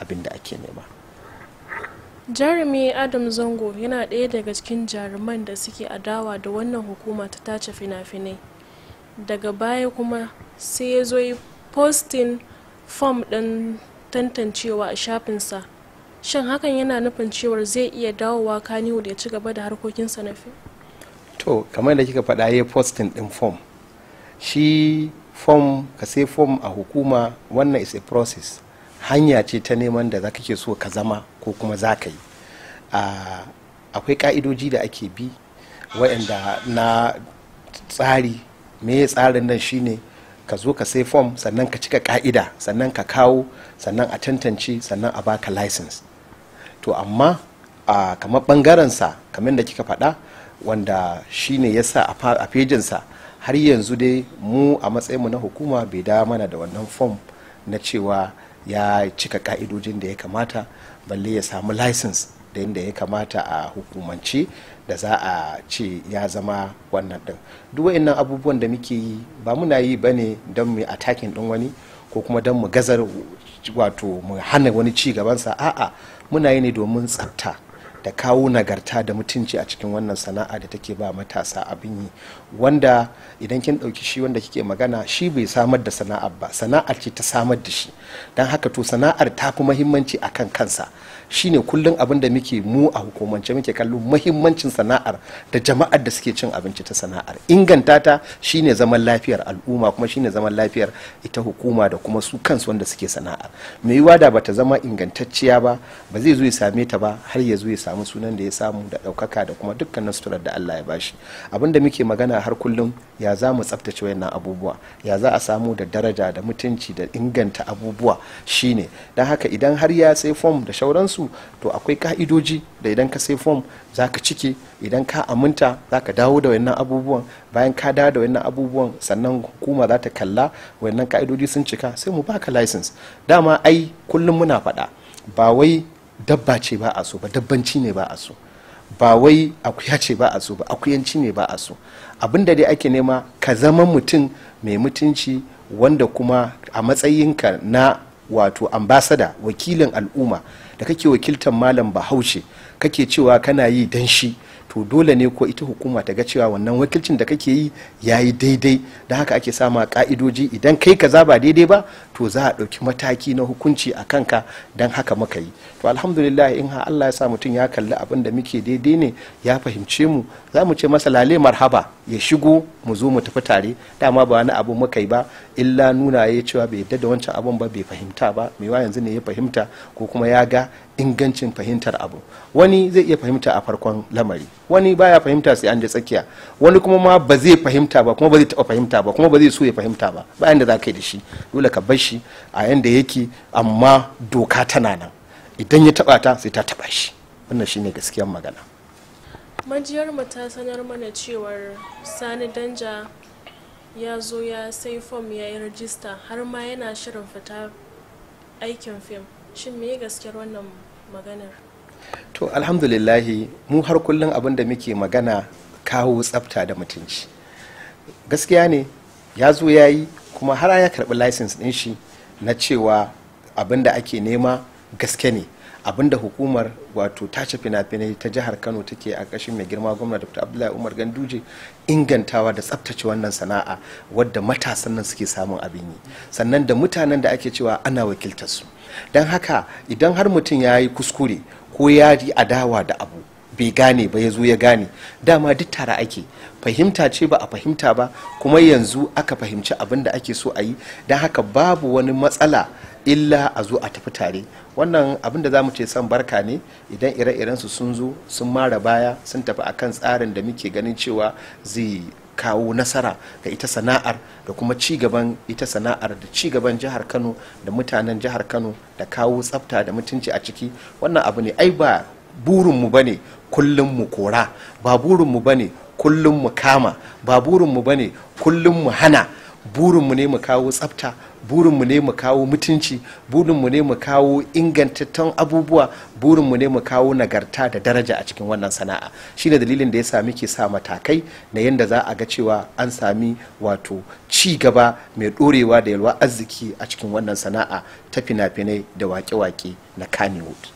abin da ake nema jarumi adam zango yana ɗaya daga cikin jaruman da suke adawa da wannan hukuma ta tace fina-finai daga baya kuma sai ya zo yi postin fom ɗin tantancewa a shafinsa shin hakan yana nufin cewar zai iya dawowa kaniwu da ya ci gaba da harkokinsa na fi. to kamar da kika faɗa ya postin ɗin fom shi fom ka sai fom a hukuma wannan is a process hanya ce ta neman da za ke so ka zama ko kuma za ka yi akwai ka'idoji da ake bi waɗanda na tsari me tsarin nan shine ka zo ka sai fom sannan ka cika ka'ida sannan ka kawo sannan a tantance sannan a baka license to amma a kamar ɓangarensa kamar da kika faɗa wanda shine ya sa a fejinsa har yanzu dai mu a matsayin mu na hukuma bai da mana da wannan fom na cewa ya cika ka'idojin da ya kamata balle ya samu license da inda ya kamata a hukumance da za a ce ya zama wannan din duk wa'annan abubuwan da muke yi ba muna yi ne don mu attacking din wani ko kuma don mu gazar wato mu hana wani ci gabansa a'a muna yi ne domin tsafta da kawo nagarta da mutunci a cikin wannan sana'a da take ba matasa abin yi wanda idan kin ɗauki shi wanda kike magana shi bai samar da sana'ar ba sana'ar ce ta samar da shi don haka to sana'ar ta fi muhimmanci a kan kansa shine kullum abin da muke mu a hukumance muke kallon mahimmancin sana'ar da jama'ar da suke cin abinci ta sana'ar inganta ta shine zaman lafiyar al'umma kuma shine zaman lafiyar ita hukuma da kuma su kansu wanda suke sana'ar mai yiwa da bata zama ingantacciya ba ba zai zo ya same ta ba har ya zo ya samu sunan da ya samu da ɗaukaka da kuma dukkanin suturar da Allah ya bashi abin da muke magana har kullum ya za mu tsaftace wayannan abubuwa ya za a samu da daraja da mutunci da inganta abubuwa shine don haka idan har ya sai fom da shauransu to akwai ka'idoji da idan ka sai fom za ka cike idan ka aminta za ka dawo da wayannan abubuwan bayan ka dawo da wayannan abubuwan sannan hukuma za ta kalla wayannan ka'idoji sun cika sai mu baka license dama ai kullum muna faɗa ba wai dabba ce ba a so ba dabbanci ne ba a so ba wai akuya ce ba a so ba akuyanci ne ba a so abin da dai ake nema ka zama mutum mai mutunci wanda kuma a matsayinka na wato ambasada wakilin al'umma da kake wakiltar malam bahaushe kake cewa kana yi dan shi to dole ne ko ita hukuma ta ga cewa wannan wakilcin da kake yi ya yi daidai da haka ake sama ka'idoji idan kai ka za ba daidai ba to za a ɗauki mataki na hukunci a kanka don haka muka yi to alhamdulillah in ha Allah ya sa mutum ya kalli abin da muke daidai ne ya fahimce mu za mu ce masa lale marhaba ya shigo mu zo mu tafi tare dama ba wani abu muka yi ba illa nuna ya cewa bai yadda da wancan abun ba bai fahimta ba mai wa yanzu ne ya fahimta ko kuma ya ga ingancin fahimtar abu wani zai iya fahimta a farkon lamari wani baya fahimta sai an da tsakiya wani kuma ma ba zai fahimta ba kuma ba zai taba fahimta ba kuma ba zai so ya fahimta ba bayan da za ka yi da shi dole ka bar shi a yanda yake amma doka tana nan idan ya taba ta sai ta taba shi wannan shine gaskiyar magana majiyar mu ta sanar mana cewar sani danja ya zo ya sai fom ya yi rajista har ma yana shirin fita aikin fim shin me gaskiyar wannan maganar to alhamdulillahi mu har kullum abin da muke magana kawo tsafta da mutunci gaskiya ne ya zo ya yi kuma har ya karɓi license ɗin shi na cewa abin da ake nema gaske ne abinda hukumar wato tace fina-finai ta jihar kano take a ƙashin mai girma gwamna dr abdullahi umar ganduje ingantawa da tsabtace wannan sana'a wadda matasan nan suke samun abin yi sannan da mutanen da ake cewa ana wakiltar su don haka idan har mutum ya yi kuskure ko ya yi adawa da abu bai gane ba ya zo ya gane dama duk tare ake fahimta ce ba a fahimta ba kuma yanzu aka fahimci abin da ake so a yi don haka babu wani matsala illa a zo a tafi tare wannan abin da za mu ce son barka ne idan ire-irensu sun zo sun mara baya sun tafi a kan tsarin da muke ganin cewa zai kawo nasara ga ita sana'ar da kuma cigaban ita sana'ar da gaban jihar kano da mutanen jihar kano da kawo tsafta da mutunci a ciki wannan abu ne ai ba burinmu ba ne kullum mu kora ba burinmu ba ne kullum mu kama ba burinmu ba ne kullum mu hana burinmu ne mu kawo tsafta burinmu ne mu kawo mutunci burinmu ne mu kawo ingantattun abubuwa burinmu ne mu kawo nagarta da daraja a cikin wannan sana'a Shi shine dalilin da ya sami ke sa matakai na yadda za a ga cewa an sami wato ci gaba mai ɗorewa da yalwa arziki a cikin wannan sana'a ta fina-finai da wake-wake na kanewood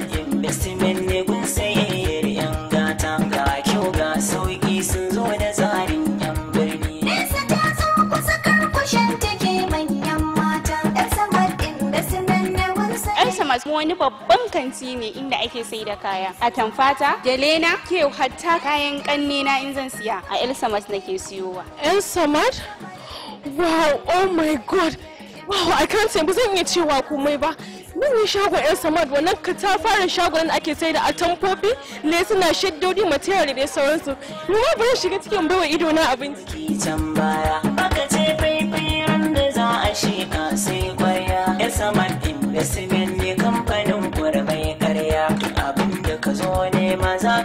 kasuwa wani babban kanti ne inda ake sai da kaya a tamfata jelena ke hatta kayan kanne na in zan siya a el samad na ke siyowa el samad wow oh my god wow i can't say ba zan iya cewa komai ba yi shagon el samad wannan fara shagon da ake sai da atamfofi ne suna shaddodi material da sauransu ni ba shiga cikin bawa ido na abinci baya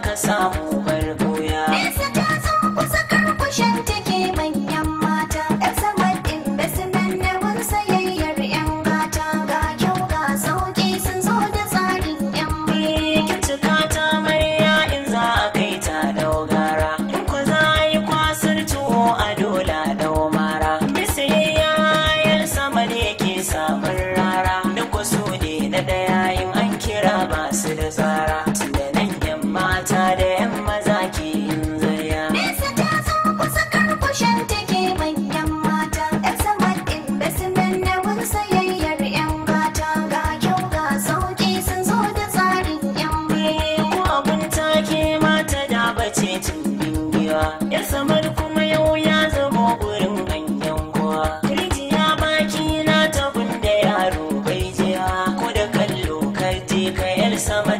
cause Somebody.